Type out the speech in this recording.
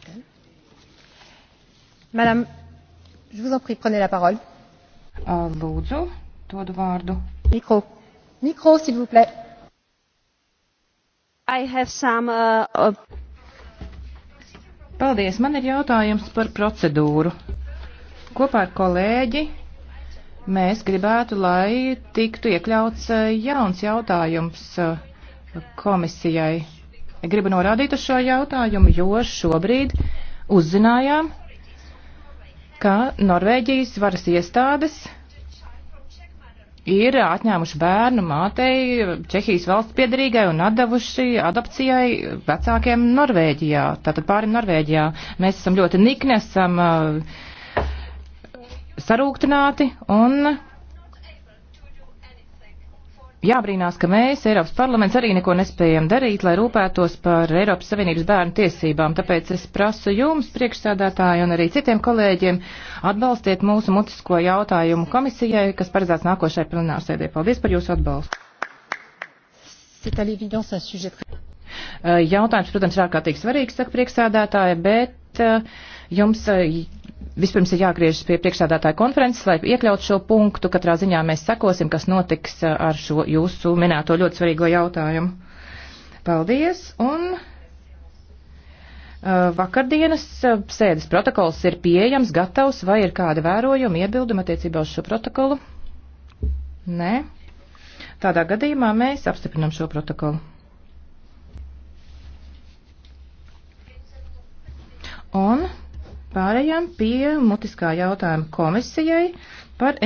president. Madame, je vous en prie, prenez la parole. Euh, Lūdzu, dodu vārdu. Mikro. Mikro, s'il vous plaît. I have some, uh, uh, Paldies, man ir jautājums par procedūru. Kopā ar kolēģi mēs gribētu, lai tiktu iekļauts uh, jauns jautājums uh, komisijai Gribu norādīt uz šo jautājumu, jo šobrīd uzzinājām, ka Norvēģijas varas iestādes ir atņēmuši bērnu mātei Čehijas valsts piedarīgai un atdevuši adopcijai vecākiem Norvēģijā, tātad pārim Norvēģijā. Mēs esam ļoti nikni, esam uh, sarūktināti un jābrīnās, ka mēs, Eiropas parlaments, arī neko nespējam darīt, lai rūpētos par Eiropas Savienības bērnu tiesībām. Tāpēc es prasu jums, priekšsādātāji un arī citiem kolēģiem, atbalstiet mūsu mutisko jautājumu komisijai, kas paredzēts nākošai plenārsēdē. Paldies par jūsu atbalstu. Jautājums, protams, ir ārkārtīgi svarīgs, saka priekšsādātāja, bet jums Vispirms ir jāgriežas pie priekšsādātāja konferences, lai iekļautu šo punktu. Katrā ziņā mēs sekosim, kas notiks uh, ar šo jūsu minēto ļoti svarīgo jautājumu. Paldies! Un uh, vakardienas uh, sēdes protokols ir pieejams, gatavs, vai ir kāda vērojuma iebilduma attiecībā uz šo protokolu? Nē. Tādā gadījumā mēs apstiprinam šo protokolu. Un pārējām pie mutiskā jautājuma komisijai par